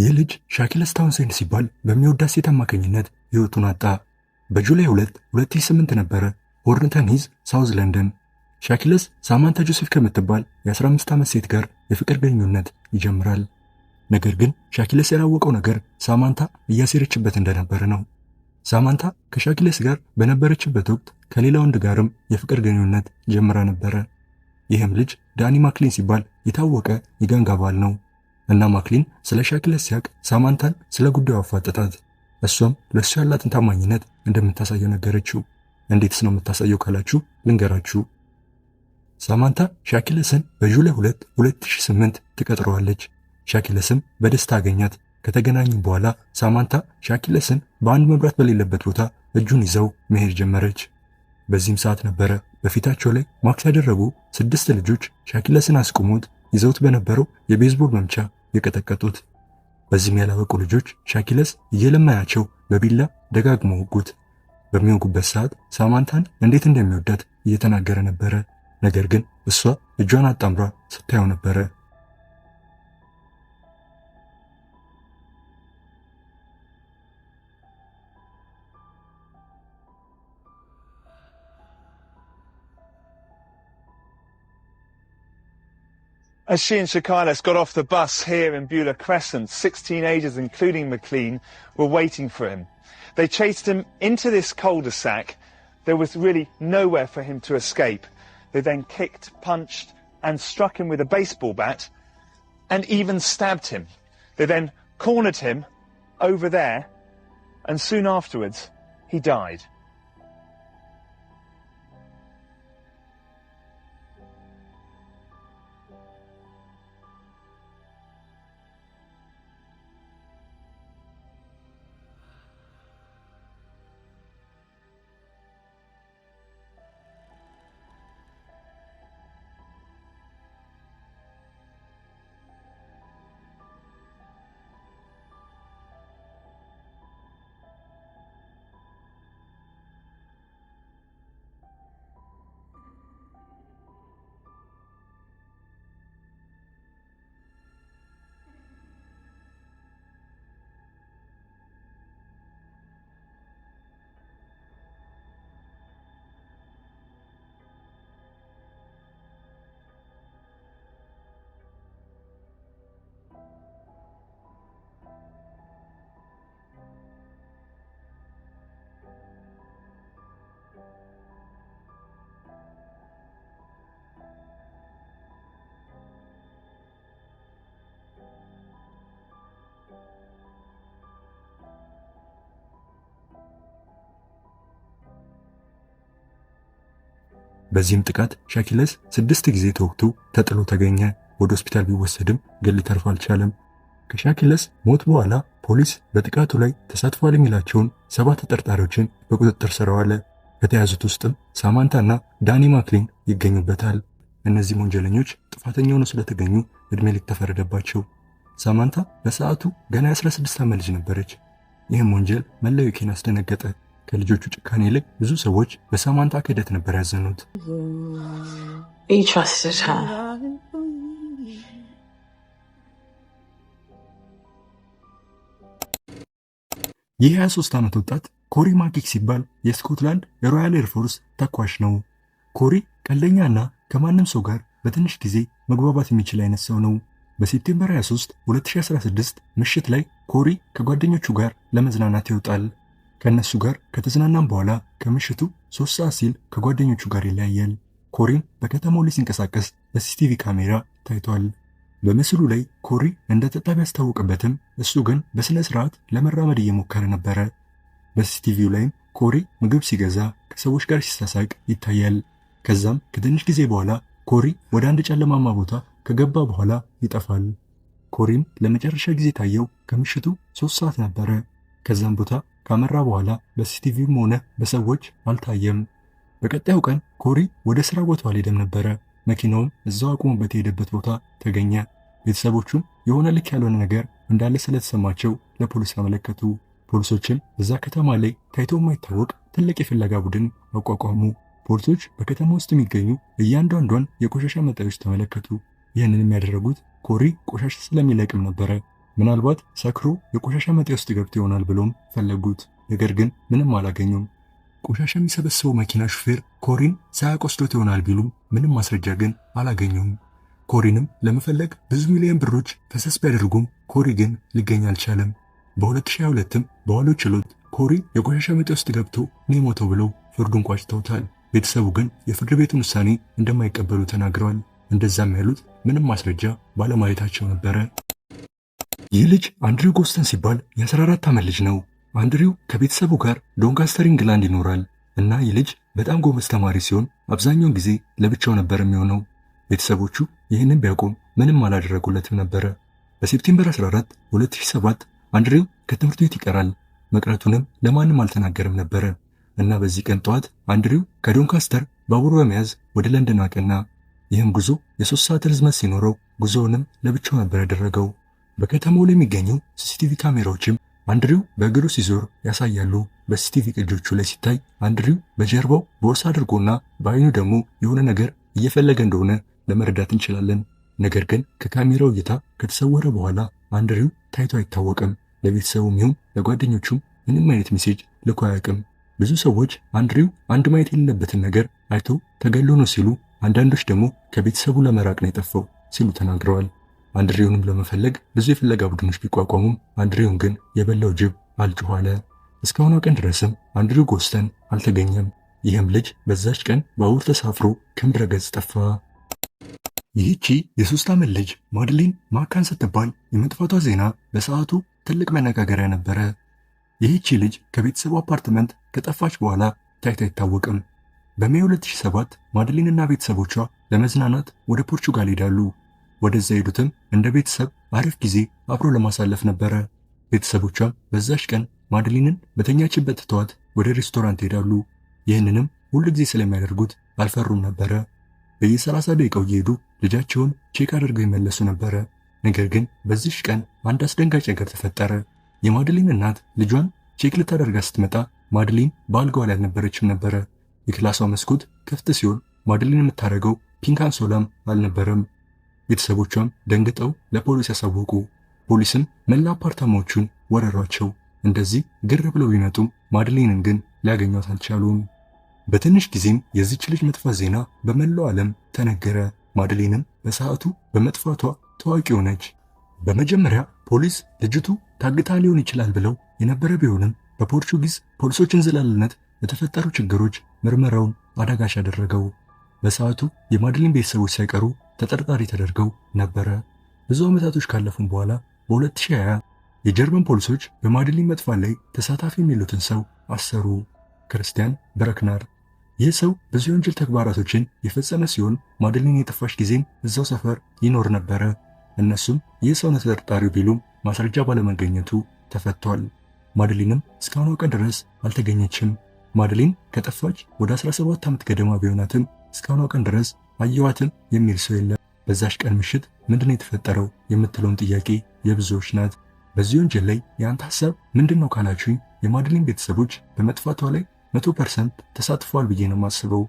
ይህ ልጅ ሻኪለስ ታውንሴን ሲባል በሚወዳት ሴት አማካኝነት ሕይወቱን አጣ። በጁላይ 2 2008 ነበረ። ሆርንተን ሂዝ ሳውዝ ለንደን። ሻኪለስ ሳማንታ ጆሴፍ ከምትባል የ15 ዓመት ሴት ጋር የፍቅር ግንኙነት ይጀምራል። ነገር ግን ሻኪለስ ያላወቀው ነገር ሳማንታ እያሴረችበት እንደነበረ ነው። ሳማንታ ከሻኪለስ ጋር በነበረችበት ወቅት ከሌላ ወንድ ጋርም የፍቅር ግንኙነት ጀምራ ነበረ። ይህም ልጅ ዳኒ ማክሊን ሲባል የታወቀ የጋንግ አባል ነው። እና ማክሊን ስለ ሻክለስ ሲያቅ ሳማንታን ስለ ጉዳዩ አፋጠጣት። እሷም ለእሱ ያላትን ታማኝነት እንደምታሳየው ነገረችው። እንዴትስ ነው የምታሳየው ካላችሁ ልንገራችሁ። ሳማንታ ሻኪለስን በጁላይ 2 2008 ትቀጥረዋለች። ሻኪለስም በደስታ አገኛት። ከተገናኙ በኋላ ሳማንታ ሻኪለስን በአንድ መብራት በሌለበት ቦታ እጁን ይዘው መሄድ ጀመረች። በዚህም ሰዓት ነበረ በፊታቸው ላይ ማክስ ያደረጉ ስድስት ልጆች ሻኪለስን አስቆሙት። ይዘውት በነበረው የቤዝቦል መምቻ የቀጠቀጡት። በዚህም ያላወቁ ልጆች ሻኪለስ እየለመናቸው በቢላ ደጋግሞ ወጉት። በሚወጉበት ሰዓት ሳማንታን እንዴት እንደሚወዳት እየተናገረ ነበረ። ነገር ግን እሷ እጇን አጣምሯ ስታየው ነበረ። As she and Shakalis got off the bus here in Beulah Crescent, 16 teenagers, including McLean, were waiting for him. They chased him into this cul-de-sac. There was really nowhere for him to escape. They then kicked, punched, and struck him with a baseball bat, and even stabbed him. They then cornered him over there, and soon afterwards, he died. በዚህም ጥቃት ሻኪለስ ስድስት ጊዜ ተወቅቶ ተጥሎ ተገኘ። ወደ ሆስፒታል ቢወሰድም ግን ሊተርፍ አልቻለም። ከሻኪለስ ሞት በኋላ ፖሊስ በጥቃቱ ላይ ተሳትፏል የሚላቸውን ሰባት ተጠርጣሪዎችን በቁጥጥር ስር አዋለ። ከተያዙት ውስጥም ሳማንታና ዳኒ ማክሊን ይገኙበታል። እነዚህም ወንጀለኞች ጥፋተኛ ሆነው ስለተገኙ እድሜ ልክ ተፈረደባቸው። ሳማንታ በሰዓቱ ገና የ16 ዓመት ልጅ ነበረች። ይህም ወንጀል መላው ኬን አስደነገጠ። ከልጆቹ ጭካኔ ይልቅ ብዙ ሰዎች በሳማንታ ክህደት ነበር ያዘኑት። ይህ 23 ዓመት ወጣት ኮሪ ማኪክ ሲባል የስኮትላንድ የሮያል ኤርፎርስ ተኳሽ ነው። ኮሪ ቀልደኛ እና ከማንም ሰው ጋር በትንሽ ጊዜ መግባባት የሚችል አይነት ሰው ነው። በሴፕቴምበር 23 2016 ምሽት ላይ ኮሪ ከጓደኞቹ ጋር ለመዝናናት ይወጣል። ከእነሱ ጋር ከተዝናናም በኋላ ከምሽቱ ሶስት ሰዓት ሲል ከጓደኞቹ ጋር ይለያያል። ኮሪም በከተማው ላይ ሲንቀሳቀስ በሲሲቲቪ ካሜራ ታይቷል። በምስሉ ላይ ኮሪ እንደ ጠጣ ቢያስታውቅበትም እሱ ግን በስነ ስርዓት ለመራመድ እየሞከረ ነበረ። በሲሲቲቪው ላይም ኮሪ ምግብ ሲገዛ ከሰዎች ጋር ሲሳሳቅ ይታያል። ከዛም ከትንሽ ጊዜ በኋላ ኮሪ ወደ አንድ ጨለማማ ቦታ ከገባ በኋላ ይጠፋል። ኮሪም ለመጨረሻ ጊዜ ታየው ከምሽቱ ሶስት ሰዓት ነበረ። ከዛም ቦታ ካመራ በኋላ በሲሲቲቪም ሆነ በሰዎች አልታየም። በቀጣዩ ቀን ኮሪ ወደ ስራ ቦታው አልሄደም ነበረ። መኪናውም እዛው አቁሞበት የሄደበት ቦታ ተገኘ። ቤተሰቦቹም የሆነ ልክ ያልሆነ ነገር እንዳለ ስለተሰማቸው ለፖሊስ አመለከቱ። ፖሊሶችም እዛ ከተማ ላይ ታይቶ የማይታወቅ ትልቅ የፍለጋ ቡድን አቋቋሙ። ፖሊሶች በከተማ ውስጥ የሚገኙ እያንዳንዷን የቆሻሻ መጣዮች ተመለከቱ። ይህንንም ያደረጉት ኮሪ ቆሻሻ ስለሚለቅም ነበረ። ምናልባት ሰክሮ የቆሻሻ መጣያ ውስጥ ገብቶ ይሆናል ብሎም ፈለጉት። ነገር ግን ምንም አላገኙም። ቆሻሻ የሚሰበስበው መኪና ሹፌር ኮሪን ሳያቆስዶት ይሆናል ቢሉም ምንም ማስረጃ ግን አላገኙም። ኮሪንም ለመፈለግ ብዙ ሚሊዮን ብሮች ፈሰስ ቢያደርጉም ኮሪ ግን ሊገኝ አልቻለም። በ2022ም በዋለው ችሎት ኮሪ የቆሻሻ መጣያ ውስጥ ገብቶ ነው የሞተው ብለው ፍርዱን ቋጭተውታል። ቤተሰቡ ግን የፍርድ ቤቱን ውሳኔ እንደማይቀበሉ ተናግረዋል። እንደዛም ያሉት ምንም ማስረጃ ባለማየታቸው ነበረ። ይህ ልጅ አንድሪው ጎስተን ሲባል የ14 ዓመት ልጅ ነው። አንድሪው ከቤተሰቡ ጋር ዶንካስተር ኢንግላንድ ይኖራል እና ይህ ልጅ በጣም ጎበዝ ተማሪ ሲሆን አብዛኛውን ጊዜ ለብቻው ነበር የሚሆነው። ቤተሰቦቹ ይህንን ቢያውቁም ምንም አላደረጉለትም ነበረ። በሴፕቴምበር 14 2007 አንድሪው ከትምህርት ቤት ይቀራል። መቅረቱንም ለማንም አልተናገርም ነበረ እና በዚህ ቀን ጠዋት አንድሪው ከዶንካስተር ባቡር በመያዝ ወደ ለንደን አቀና። ይህም ጉዞ የሶስት ሰዓት ርዝመት ሲኖረው ጉዞውንም ለብቻው ነበር ያደረገው። በከተማው ላይ የሚገኙ ሲሲቲቪ ካሜራዎችም አንድሪው በእግሩ ሲዞር ያሳያሉ። በሲሲቲቪ ቅጆቹ ላይ ሲታይ አንድሪው በጀርባው ቦርሳ አድርጎና በአይኑ ደግሞ የሆነ ነገር እየፈለገ እንደሆነ ለመረዳት እንችላለን። ነገር ግን ከካሜራው እይታ ከተሰወረ በኋላ አንድሪው ታይቶ አይታወቅም። ለቤተሰቡም ይሁን ለጓደኞቹም ምንም አይነት ሜሴጅ ልኮ አያውቅም። ብዙ ሰዎች አንድሪው አንድ ማየት የሌለበትን ነገር አይቶ ተገሎ ነው ሲሉ፣ አንዳንዶች ደግሞ ከቤተሰቡ ለመራቅ ነው የጠፋው ሲሉ ተናግረዋል። አንድሬውንም ለመፈለግ ብዙ የፍለጋ ቡድኖች ቢቋቋሙም አንድሬውን ግን የበላው ጅብ አልጮኋለ። አለ። እስካሁኗ ቀን ድረስም አንድሬው ጎስተን አልተገኘም። ይህም ልጅ በዛች ቀን ባቡር ተሳፍሮ ከምድረ ገጽ ጠፋ። ይህቺ የሶስት ዓመት ልጅ ማድሊን ማካን ስትባል የመጥፋቷ ዜና በሰዓቱ ትልቅ መነጋገሪያ ነበረ። ይህቺ ልጅ ከቤተሰቡ አፓርትመንት ከጠፋች በኋላ ታይት አይታወቅም። በሜይ 2007 ማድሊንና ቤተሰቦቿ ለመዝናናት ወደ ፖርቹጋል ሄዳሉ። ወደዛ ሄዱትም እንደ ቤተሰብ አሪፍ ጊዜ አብሮ ለማሳለፍ ነበረ። ቤተሰቦቿም በዛች ቀን ማድሊንን በተኛችበት ትተዋት ወደ ሬስቶራንት ሄዳሉ። ይህንንም ሁል ጊዜ ስለሚያደርጉት አልፈሩም ነበረ። በየ30 ደቂቃው እየሄዱ ልጃቸውን ቼክ አድርገው ይመለሱ ነበረ። ነገር ግን በዚሽ ቀን አንድ አስደንጋጭ ነገር ተፈጠረ። የማድሊን እናት ልጇን ቼክ ልታደርጋ ስትመጣ ማድሊን በአልጋዋ ላይ አልነበረችም ነበረ። የክላሷ መስኮት ክፍት ሲሆን ማድሊን የምታደርገው ፒንክ አንሶላም አልነበረም። ቤተሰቦቿም ደንግጠው ለፖሊስ ያሳወቁ። ፖሊስም መላ አፓርታማዎቹን ወረሯቸው። እንደዚህ ግር ብለው ቢመጡም ማድሌንን ግን ሊያገኟት አልቻሉም። በትንሽ ጊዜም የዚች ልጅ መጥፋት ዜና በመላው ዓለም ተነገረ። ማድሌንም በሰዓቱ በመጥፋቷ ታዋቂ ሆነች። በመጀመሪያ ፖሊስ ልጅቱ ታግታ ሊሆን ይችላል ብለው የነበረ ቢሆንም በፖርቹጊዝ ፖሊሶችን ዘላልነት ለተፈጠሩ ችግሮች ምርመራውን አዳጋሽ ያደረገው። በሰዓቱ የማድሊን ቤተሰቦች ሳይቀሩ ተጠርጣሪ ተደርገው ነበረ። ብዙ ዓመታቶች ካለፉም በኋላ በ2020 የጀርመን ፖሊሶች በማድሊን መጥፋት ላይ ተሳታፊ የሚሉትን ሰው አሰሩ። ክርስቲያን በረክናር ይህ ሰው ብዙ የወንጀል ተግባራቶችን የፈጸመ ሲሆን ማድሊን የጠፋች ጊዜም እዛው ሰፈር ይኖር ነበረ። እነሱም ይህ ሰው ነው ተጠርጣሪው ቢሉም ማስረጃ ባለመገኘቱ ተፈቷል። ማድሊንም እስካሁኗ ቀን ድረስ አልተገኘችም። ማድሊን ከጠፋች ወደ 17 ዓመት ገደማ ቢሆናትም እስካሁኗ ቀን ድረስ አየዋትን የሚል ሰው የለም። በዛሽ ቀን ምሽት ምንድን ነው የተፈጠረው የምትለውን ጥያቄ የብዙዎች ናት። በዚህ ወንጀል ላይ የአንተ ሀሳብ ምንድን ነው ካላችሁኝ የማድሊን ቤተሰቦች በመጥፋቷ ላይ መቶ ፐርሰንት ተሳትፈዋል ብዬ ነው የማስበው።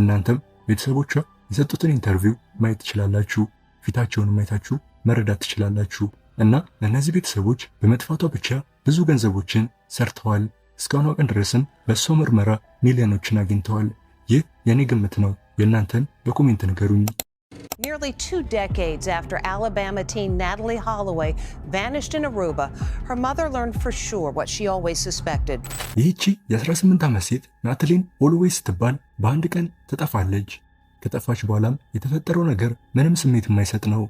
እናንተም ቤተሰቦቿ የሰጡትን ኢንተርቪው ማየት ትችላላችሁ። ፊታቸውን ማየታችሁ መረዳት ትችላላችሁ። እና እነዚህ ቤተሰቦች በመጥፋቷ ብቻ ብዙ ገንዘቦችን ሰርተዋል። እስካሁኗ ቀን ድረስም በእሷ ምርመራ ሚሊዮኖችን አግኝተዋል። ይህ የእኔ ግምት ነው። የእናንተን በኮሜንት ንገሩኝ። Nearly two decades after Alabama teen Natalie Holloway vanished in Aruba, her mother learned for sure what she always suspected. ይህቺ የ18 ዓመት ሴት ናትሊን ሆሎዌይ ስትባል በአንድ ቀን ትጠፋለች። ከጠፋች በኋላም የተፈጠረው ነገር ምንም ስሜት የማይሰጥ ነው።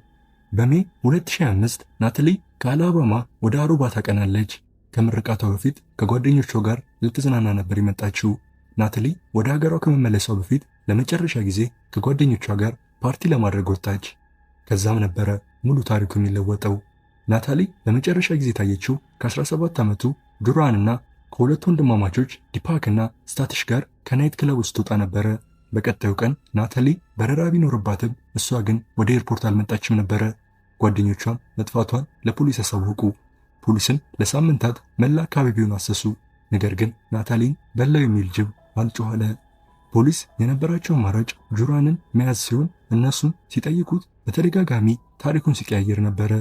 በሜ 2005 ናትሊ ከአላባማ ወደ አሩባ ታቀናለች። ከምርቃቷ በፊት ከጓደኞቿ ጋር ልትዝናና ነበር የመጣችው። ናትሊ ወደ ሀገሯ ከመመለሷ በፊት ለመጨረሻ ጊዜ ከጓደኞቿ ጋር ፓርቲ ለማድረግ ወጣች። ከዛም ነበረ ሙሉ ታሪኩ የሚለወጠው። ናታሊ ለመጨረሻ ጊዜ ታየችው ከ17 ዓመቱ ዱራንና ከሁለቱ ወንድማማቾች ዲፓክና ስታትሽ ጋር ከናይት ክለብ ውስጥ ወጣ ነበረ። በቀጣዩ ቀን ናታሊ በረራ ቢኖርባትም እሷ ግን ወደ ኤርፖርት አልመጣችም ነበረ። ጓደኞቿም መጥፋቷን ለፖሊስ አሳወቁ። ፖሊስም ለሳምንታት መላ አካባቢውን አሰሱ። ነገር ግን ናታሊን በላው የሚል ጅብ አልጮኸለ። ፖሊስ የነበራቸው አማራጭ ጁራንን መያዝ ሲሆን እነሱም ሲጠይቁት በተደጋጋሚ ታሪኩን ሲቀያየር ነበረ።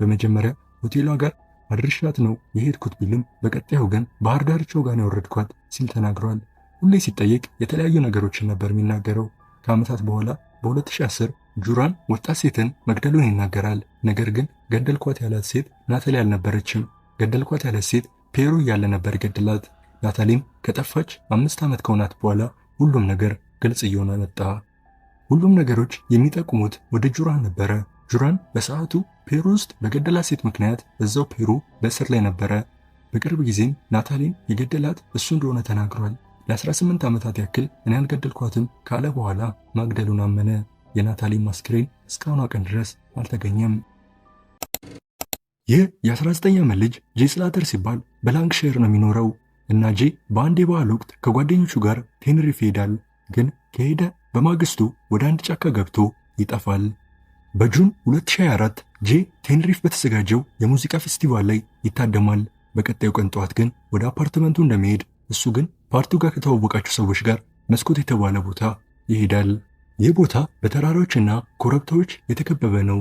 በመጀመሪያ ሆቴሏ ጋር አድርሻት ነው የሄድኩት ቢልም በቀጣዩ ግን ባህር ዳርቻው ጋር ያወረድኳት ሲል ተናግሯል። ሁሌ ሲጠየቅ የተለያዩ ነገሮችን ነበር የሚናገረው። ከዓመታት በኋላ በ2010 ጁራን ወጣት ሴትን መግደሉን ይናገራል። ነገር ግን ገደልኳት ያላት ሴት ናተሊ አልነበረችም። ገደልኳት ያላት ሴት ፔሩ እያለ ነበር ገድላት ናታሊም ከጠፋች አምስት ዓመት ከሆናት በኋላ ሁሉም ነገር ግልጽ እየሆነ መጣ። ሁሉም ነገሮች የሚጠቁሙት ወደ ጁራን ነበረ። ጁራን በሰዓቱ ፔሩ ውስጥ በገደላት ሴት ምክንያት እዛው ፔሩ በእስር ላይ ነበረ። በቅርብ ጊዜም ናታሊን የገደላት እሱ እንደሆነ ተናግሯል። ለ18 ዓመታት ያክል እኔ አልገደልኳትም ካለ በኋላ ማግደሉን አመነ። የናታሊን ማስክሬን እስካሁኗ ቀን ድረስ አልተገኘም። ይህ የ19 ዓመት ልጅ ጄስላተር ሲባል በላንክሼር ነው የሚኖረው። እና ጄ በአንድ የበዓል ወቅት ከጓደኞቹ ጋር ቴንሪፍ ይሄዳል። ግን ከሄደ በማግስቱ ወደ አንድ ጫካ ገብቶ ይጠፋል። በጁን 2024 ጄ ቴንሪፍ በተዘጋጀው የሙዚቃ ፌስቲቫል ላይ ይታደማል። በቀጣዩ ቀን ጠዋት ግን ወደ አፓርትመንቱ እንደሚሄድ እሱ ግን ፓርቲው ጋር ከተዋወቃቸው ሰዎች ጋር መስኮት የተባለ ቦታ ይሄዳል። ይህ ቦታ በተራራዎችና ኮረብታዎች የተከበበ ነው።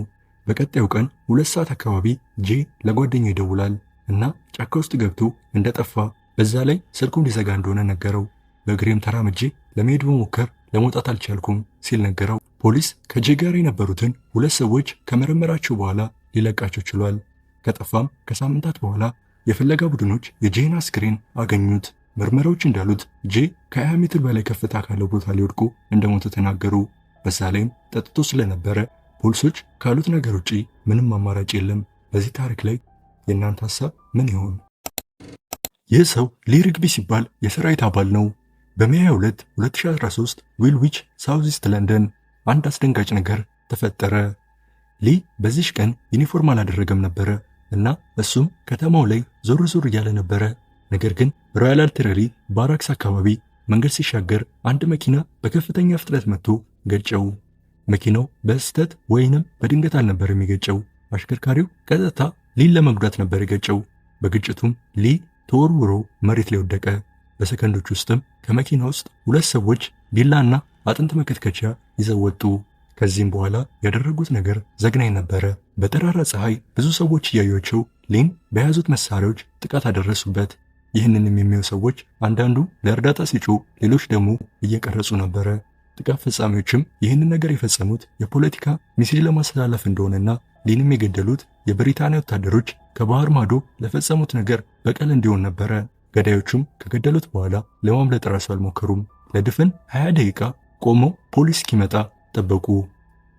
በቀጣዩ ቀን ሁለት ሰዓት አካባቢ ጄ ለጓደኛ ይደውላል እና ጫካ ውስጥ ገብቶ እንደጠፋ በዛ ላይ ስልኩም ሊዘጋ እንደሆነ ነገረው። በእግሬም ተራምጄ ለመሄድ በሞከር ለመውጣት አልቻልኩም ሲል ነገረው። ፖሊስ ከጄ ጋር የነበሩትን ሁለት ሰዎች ከመረመራቸው በኋላ ሊለቃቸው ችሏል። ከጠፋም ከሳምንታት በኋላ የፍለጋ ቡድኖች የጄን አስክሬን አገኙት። ምርመራዎች እንዳሉት ጄ ከ20 ሜትር በላይ ከፍታ ካለው ቦታ ሊወድቁ እንደሞተ ተናገሩ። በዛ ላይም ጠጥቶ ስለነበረ ፖሊሶች ካሉት ነገር ውጪ ምንም አማራጭ የለም። በዚህ ታሪክ ላይ የእናንተ ሀሳብ ምን ይሆን? ይህ ሰው ሊ ሲባል የሰራዊት አባል ነው። በሜይ 2 2013 ዊልዊች ሳውዝ ኢስት ለንደን አንድ አስደንጋጭ ነገር ተፈጠረ። ሊ በዚሽ ቀን ዩኒፎርም አላደረገም ነበረ እና እሱም ከተማው ላይ ዞር ዞር እያለ ነበረ። ነገር ግን ሮያል አልትረሪ ባራክስ አካባቢ መንገድ ሲሻገር አንድ መኪና በከፍተኛ ፍጥነት መጥቶ ገጨው። መኪናው በስህተት ወይንም በድንገት አልነበረም ይገጨው አሽከርካሪው ቀጥታ ሊን ለመጉዳት ነበር የገጨው። በግጭቱም ሊ ተወርውሮ መሬት ላይ ወደቀ። በሰከንዶች ውስጥም ከመኪና ውስጥ ሁለት ሰዎች ቢላና አጥንት መከትከቻ ይዘው ወጡ። ከዚህም በኋላ ያደረጉት ነገር ዘግናኝ ነበረ። በጠራራ ፀሐይ ብዙ ሰዎች እያዩቸው ሊን በያዙት መሳሪያዎች ጥቃት አደረሱበት። ይህንንም የሚያዩ ሰዎች አንዳንዱ ለእርዳታ ሲጩ ሌሎች ደግሞ እየቀረጹ ነበረ። ጥቃት ፈጻሚዎችም ይህንን ነገር የፈጸሙት የፖለቲካ ሚስሊ ለማስተላለፍ እንደሆነና ሊንም የገደሉት የብሪታንያ ወታደሮች ከባህር ማዶ ለፈጸሙት ነገር በቀል እንዲሆን ነበረ። ገዳዮቹም ከገደሉት በኋላ ለማምለጥ ራሱ አልሞከሩም። ለድፍን 20 ደቂቃ ቆመው ፖሊስ እስኪመጣ ጠበቁ።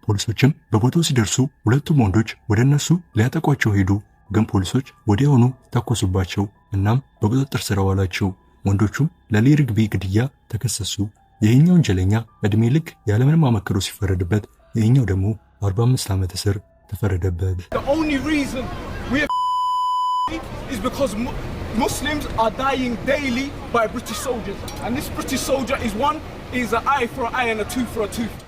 ፖሊሶችም በቦታው ሲደርሱ ሁለቱም ወንዶች ወደ እነሱ ሊያጠቋቸው ሄዱ። ግን ፖሊሶች ወዲያውኑ ተኮሱባቸው። እናም በቁጥጥር ስር ዋላቸው። ወንዶቹም ለሊርግቢ ግድያ ተከሰሱ። ይህኛው ወንጀለኛ እድሜ ልክ ያለምንም አመክሮ ሲፈረድበት፣ ይህኛው ደግሞ 45 ዓመት እስር ተፈረደበት። is because Muslims are dying daily by British soldiers. And this British soldier is one, is an eye for an eye and a tooth for a tooth.